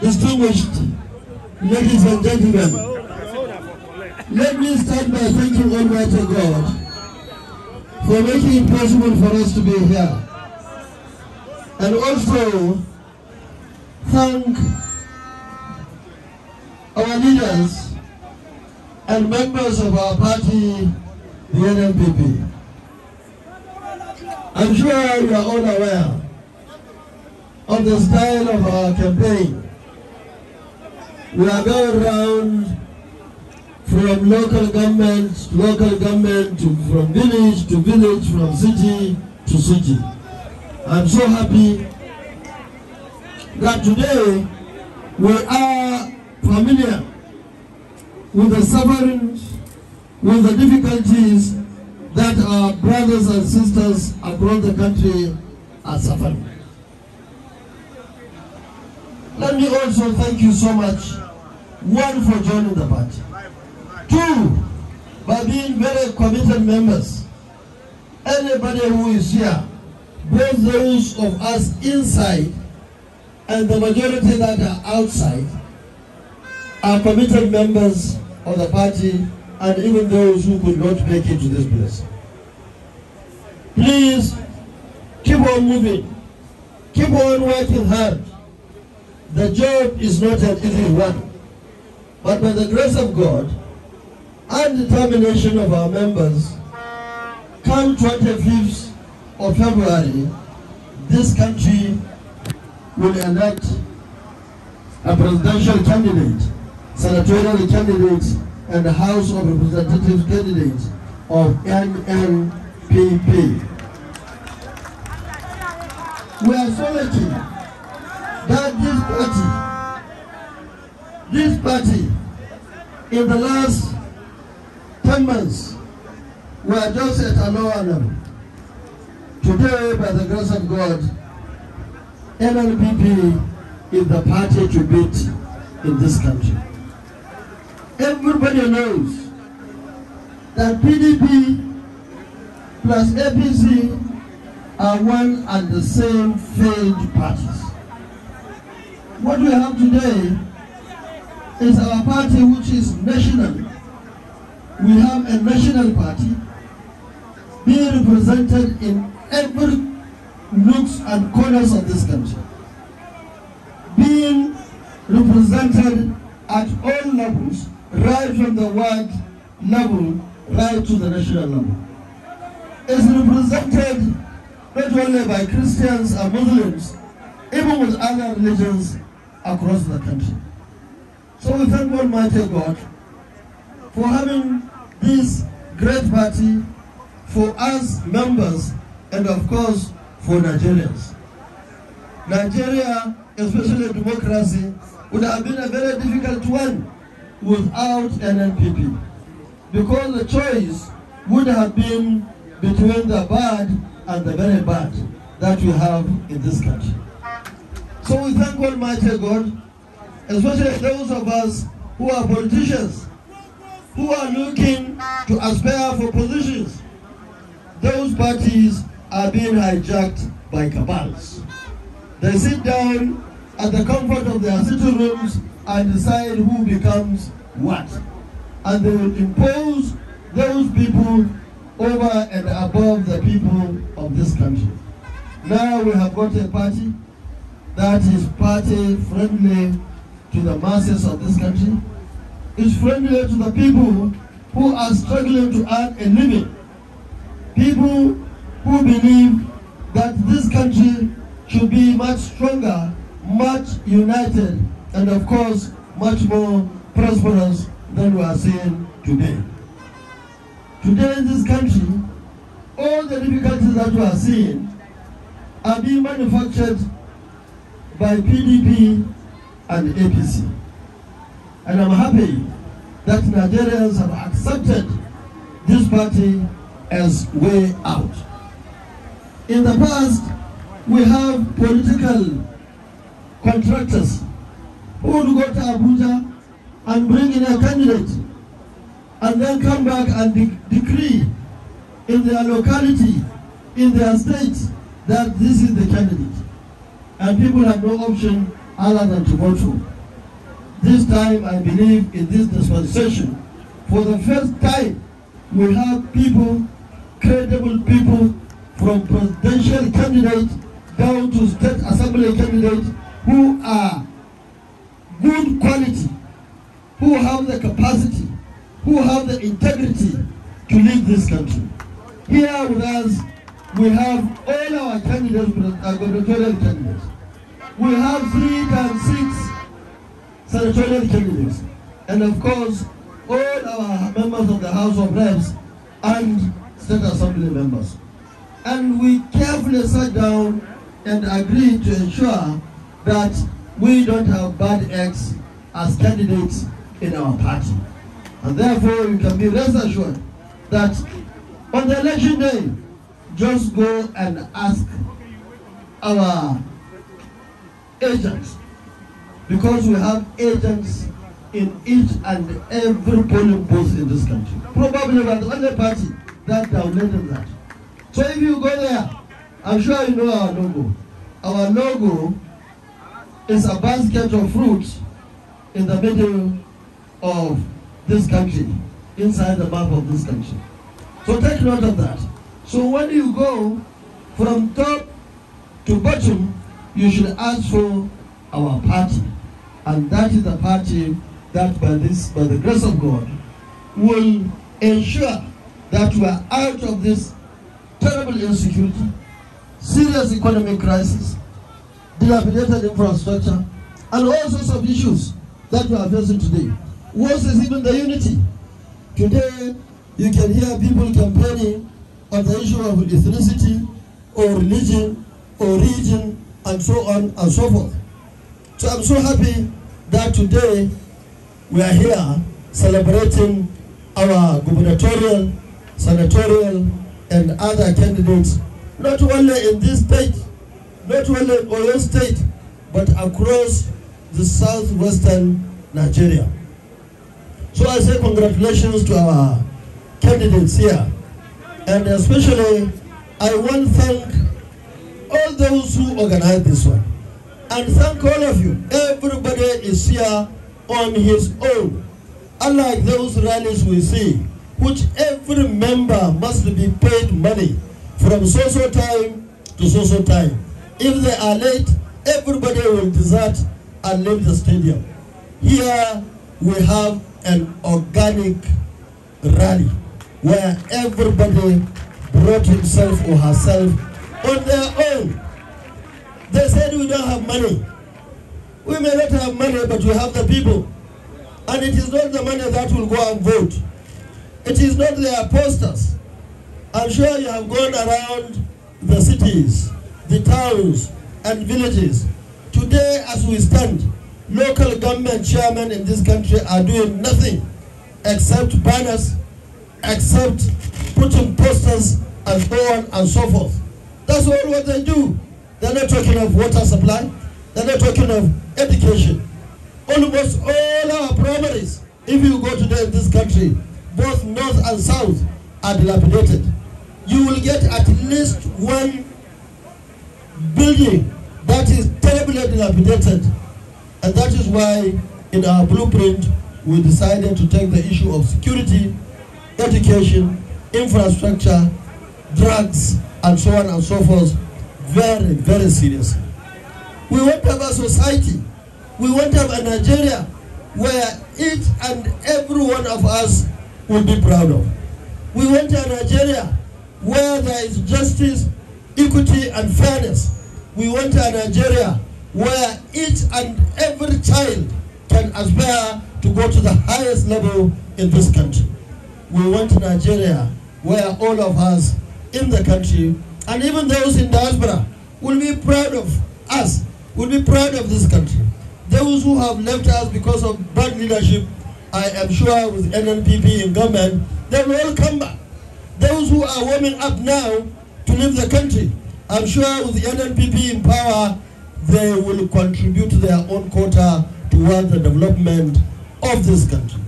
distinguished ladies and gentlemen, let me start by thanking Almighty God for making it possible for us to be here. And also thank our leaders and members of our party, the NMPP. I'm sure you are all aware of the style of our campaign we are going around from local government, local government, to, from village to village, from city to city. I'm so happy that today we are familiar with the suffering, with the difficulties that our brothers and sisters across the country are suffering. Let me also thank you so much. One, for joining the party. Two, by being very committed members. Anybody who is here, both those of us inside and the majority that are outside, are committed members of the party and even those who could not make it to this place. Please keep on moving, keep on working hard. The job is not an easy one, but by the grace of God and determination of our members, come 25th of February, this country will elect a presidential candidate, senatorial candidate, and House of Representatives candidate of NNPP. We are solitary. that this party, this party, in the last ten months, we are just at Aloanam. Today, by the grace of God, NLPP is the party to beat in this country. Everybody knows that PDP plus APC are one and the same failed parties. What we have today is our party which is national. We have a national party being represented in every nooks and corners of this country. Being represented at all levels, right from the ward level right to the national level. It's represented not only by Christians and Muslims, even with other religions across the country. So we thank Almighty God for having this great party for us members and of course for Nigerians. Nigeria, especially democracy, would have been a very difficult one without an NPP because the choice would have been between the bad and the very bad that we have in this country. So we thank Almighty God, especially those of us who are politicians, who are looking to aspire for positions. Those parties are being hijacked by cabals. They sit down at the comfort of their sitting rooms and decide who becomes what. And they will impose those people over and above the people of this country. Now we have got a party that is party friendly to the masses of this country, is friendly to the people who are struggling to earn a living, people who believe that this country should be much stronger, much united, and of course, much more prosperous than we are seeing today. Today in this country, all the difficulties that we are seeing are being manufactured by PDP and APC. And I'm happy that Nigerians have accepted this party as way out. In the past, we have political contractors who would go to Abuja and bring in a candidate and then come back and de decree in their locality, in their state, that this is the candidate and people have no option other than to vote for. This time, I believe in this dispensation, for the first time, we have people, credible people, from presidential candidates down to state assembly candidates who are good quality, who have the capacity, who have the integrity to lead this country. Here with us we have all our candidates, gubernatorial candidates. We have three and six senatorial candidates. And of course, all our members of the House of Reps and State Assembly members. And we carefully sat down and agreed to ensure that we don't have bad eggs as candidates in our party. And therefore, you can be rest assured that on the election day, just go and ask our agents because we have agents in each and every polling booth in this country. Probably we're the only party that downloaded that. So if you go there, I'm sure you know our logo. Our logo is a basket of fruits in the middle of this country, inside the map of this country. So take note of that. So when you go from top to bottom, you should ask for our party. And that is the party that by this, by the grace of God, will ensure that we are out of this terrible insecurity, serious economic crisis, dilapidated infrastructure, and all sorts of issues that we are facing today. Worse is even the unity. Today, you can hear people campaigning on the issue of ethnicity or religion or region and so on and so forth. So I'm so happy that today we are here celebrating our gubernatorial, senatorial, and other candidates, not only in this state, not only in Oyo State, but across the southwestern Nigeria. So I say congratulations to our candidates here. And especially, I want to thank all those who organized this one. And thank all of you. Everybody is here on his own. Unlike those rallies we see, which every member must be paid money from social time to social time. If they are late, everybody will desert and leave the stadium. Here we have an organic rally where everybody brought himself or herself on their own. They said we don't have money. We may not have money, but we have the people. And it is not the money that will go and vote. It is not their posters. I'm sure you have gone around the cities, the towns, and villages. Today, as we stand, local government chairmen in this country are doing nothing except banners except putting posters and so on and so forth. That's all what they do. They're not talking of water supply. They're not talking of education. Almost all our primaries, if you go today in this country, both north and south are dilapidated. You will get at least one building that is terribly dilapidated. And that is why in our blueprint, we decided to take the issue of security education, infrastructure, drugs, and so on and so forth very, very seriously. We want to have a society, we want to have a Nigeria where each and every one of us will be proud of. We want a Nigeria where there is justice, equity, and fairness. We want a Nigeria where each and every child can aspire to go to the highest level in this country we went to Nigeria, where all of us in the country, and even those in diaspora, will be proud of us, will be proud of this country. Those who have left us because of bad leadership, I am sure with NNPP in government, they will all come back. Those who are warming up now to leave the country, I'm sure with the NNPP in power, they will contribute their own quota towards the development of this country.